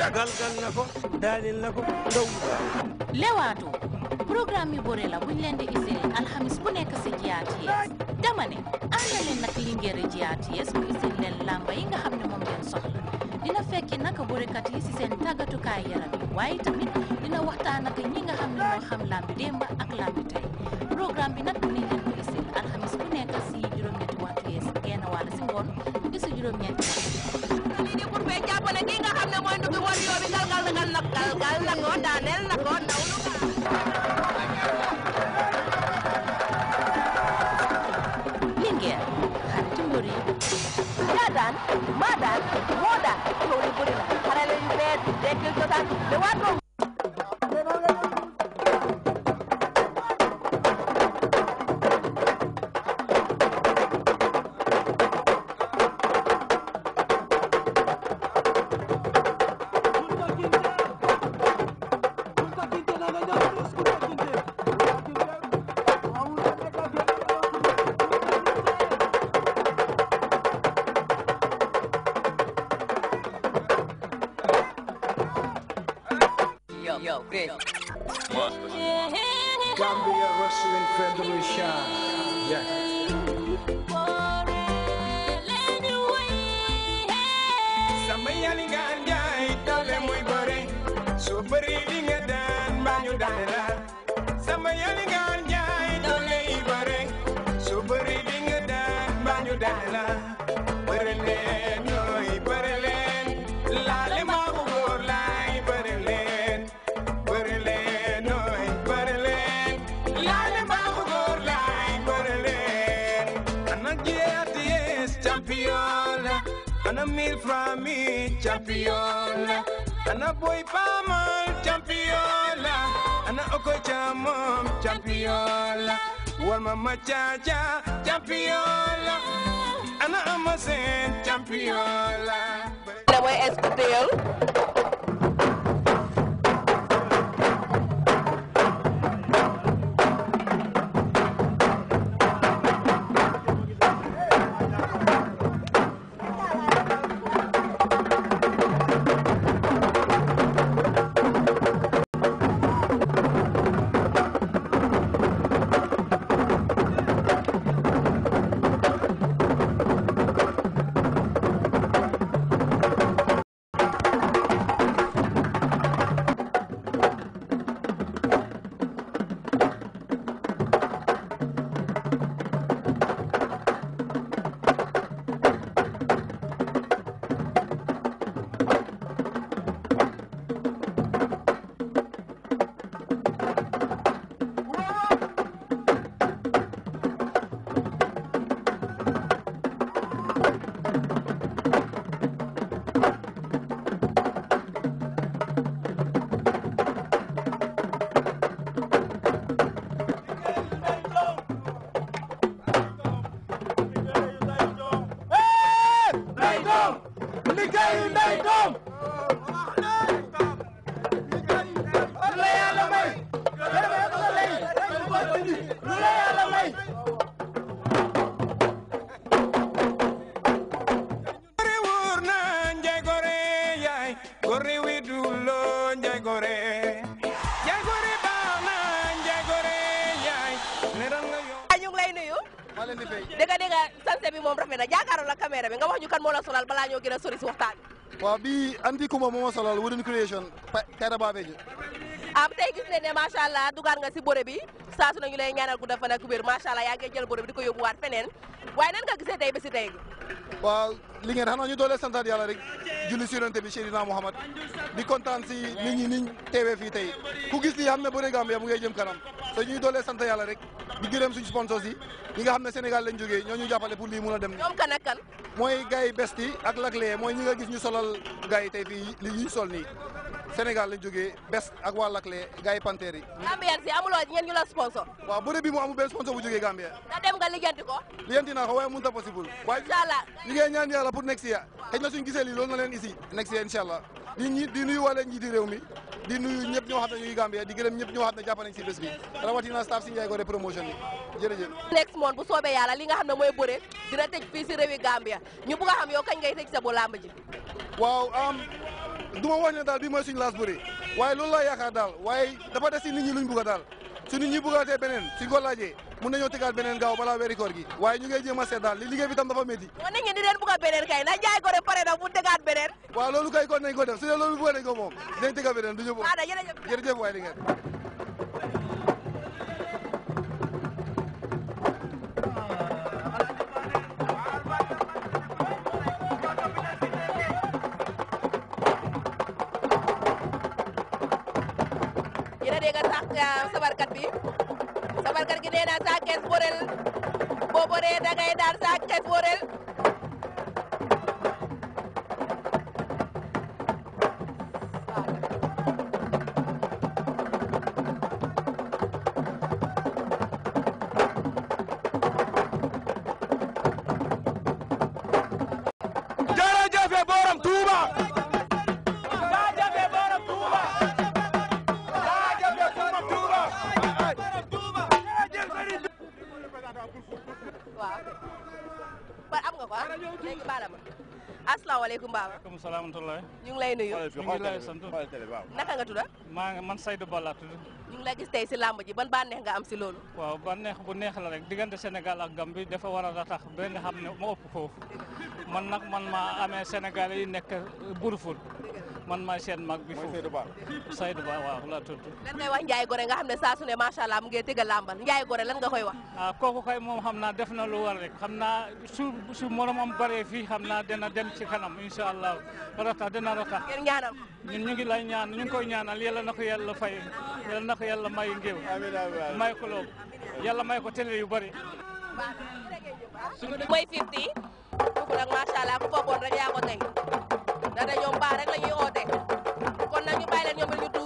galgal na ko daalil na ko ndaw lewaatu programme yu bëre la buñ leen di isiri alxamis bu nekk si GRTS dama ne ànd leen nag lingeeri GRTS mu isiri leen làmba yi nga xam ne moom ngeen soxla dina fekki naka bërekat yi si seen tàggatukaay yaram waaye tamit dina waxtaan ak ñi nga xam ne ñoo xam làmbi démba ak làmbi tey programme bi nag dinañ leen ko isiri alxamis bu nekk si juróom-ñeent ni di kur bee jàppale nga xam ne mooy ndubi war yoobi galgal na gal na galgal na ko daaneel na ko ndaw lu Yo, great. Gambia Wrestling Federation. Yeah. and a meal from me, champiola, and a boy palmal, champiola, and a okocha mom, champiola, one mama cha champiola, and a amasen, champiola. La voy a dégg nga dégg nga sanse bi moom rafet na jàkkaarloo la caméra bi nga wax ñu kan moo la solal balaa ñoo gën a sori si waxtaan bi waaw bii anti kumba moo ma am ah, tey gis nañ ne macha allah dugaat nga si bore bi saa su nañu lay ñaanal gudda fan ak wér macha allah yaa ngi bore bi di ko yóbbuwaat feneen waaye nan nga gisee tey bi si tey waaw li ngeen xanaa ñu doolee santaat yàlla rek julli si yonent bi Seydina Muhammad di kontaan si nit ñi niñ teewee fii tey ku gis li xam ne bëre Gambia mu ngay jëm kanam rek di gërëm suñu sponsors yi ñi nga xam ne Sénégal lañ jógee ñoo ñu jàppale pour lii mun a dem. ñoom kan kan. mooy gars yi best yi ak lakle mooy ñi nga gis ñu solal gars tey fii li ñuy sol nii Sénégal lañ jógee best ak waa lakle gars yi panteer yi. Gambien si amuloo ñeen ñu la sponsor. waaw bëre bi mu amul benn sponsor bu jógee Gambien. da dem nga lijanti ko. lijanti naa ko waaye mënut a possible. incha ñaan yàlla pour next year. xëy na suñu gisee lool loolu na leen isi next year incha allah di ñi di nuyu wàllu njiiti réew mi di nuyu ñëpp ñoo xam ne ñuy Gambia ñëpp ñoo xam ne jàpp nañ si bés bi rawatina staff si Ndiaye Godeh promotion bi jërëjëf next month bu soobee yàlla li nga xam ne mooy bëre dina tëj fii si réewi Gambia ñu bëgg a xam yow kañ ngay tëj sa bu làmb ji waaw am du ne daal bi mooy suñu laas bëre waaye lool laa yaakaar daal waaye dafa des si nit ñi luñ bëgg a daal su nit ñi bëggatee beneen suñ ko laajee mun nañoo tëggaat beneen gaaw balaa weeri koor gi waaye ñu ngay jéem a seet daal liggéey bi tam dafa métti waaw nit ñi di leen bugg a beneen jaay ko rek pare na mu tëggaat beneen waaw loolu kay kon nañ ko def su dee loolu bëgg nañ ko moom dinañ tëggaat beneen du ñu bëgg jërëjëf waay a sama kër gi nee na Sa Thiès Borel boo boree da ngay daan Sa Thiès Borel waaw ba am nga ko ah léegi ma asalaamaaleykum baaba. waaleykum salaam rahmatulah. ñu ngi lay nuyu. ñu ngi lay sant naka nga tudd. maa man Seydou Balla tudd. ñu ngi gis tey si làmb ji ban bànneex nga am si loolu. waaw bànneex bu neex la rek diggante Sénégal ak Gambie dafa war a tax ba nga xam ne moo ëpp foofu man nag man maa amee Sénégal yi nekk Burfour. man ma seen mag bi foofu Seydou Ba Seydou Ba waaw laa tudd lan ngay wax Ndiaye Goré nga xam ne saa su ne macha allah mu ngi tëgg a làmbal Ndiaye Goré lan nga koy wax ah kay moom xam naa def na lu war rek xam naa su su moromam bëree fii xam naa dina dem ci kanam incha allah ratax dina ratax ngeen ñaanal ñun ñu lay ñaan ñu koy ñaanal yàlla na ko yàlla fay yàlla na ko yàlla may ngéew may ko loolu yàlla may ko télé yu bëri mooy fifty kooku nag macha allah ku ko rek yaa ko tey millennium, will you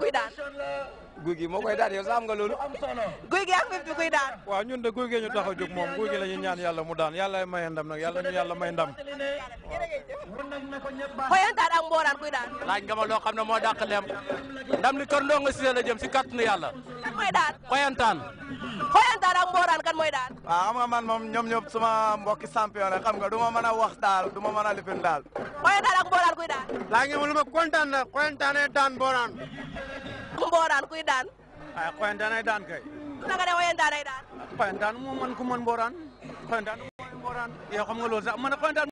quy đán guy gi moo koy daan yow saam nga loolu. guy gi ak fifty kuy daan. waaw ñun da guy gi ñu tax a jóg moom guy gi la ñu ñaan yàlla mu daan yàlla may ndam nag yàlla ñu yàlla may ndam. xoyantaan ak mbooraan ma loo xam ne moo dàq lem ndam li kër ndongo a la jëm si kàttanu yàlla. kan mooy daan xoyantaan. xoyantaan a mbooraan kan mooy daan. waaw xam nga man moom ñoom ñëpp suma mbokki champion na xam nga du ma mën a wax daal du ma mën a lifin daal. xoyantaan ak mbooraan kuy daan. laa ngi ma lu ma kontaan na mbooraan kuy daan. ah xoyantaan ay daan kay. naka de xoyantaan ay daan. xoyantaan moo mën ku mën mbooraan. xoyantaan moo mën mbooraan. yow xam nga